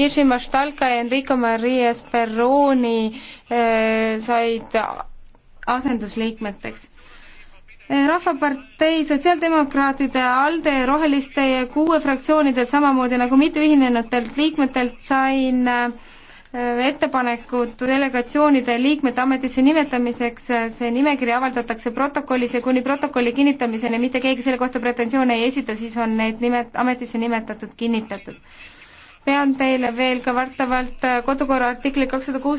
Irsi Maštalka ja Enrico Marias Perroni eh, said asendusliikmeteks eh, rahvapartei, sotsiaaldemokraatide, ALDE, Roheliste ja kuue fraktsioonidelt, samamoodi nagu mitteühinenutelt liikmetelt sain eh, ettepanekud delegatsioonide liikmete ametisse nimetamiseks, see nimekiri avaldatakse protokollis ja kuni protokolli kinnitamiseni mitte keegi selle kohta pretensioone ei esita, siis on need nimet-, ametisse nimetatud kinnitatud pean teile veel ka vastavalt äh, kodukorra artikli kakssada kuus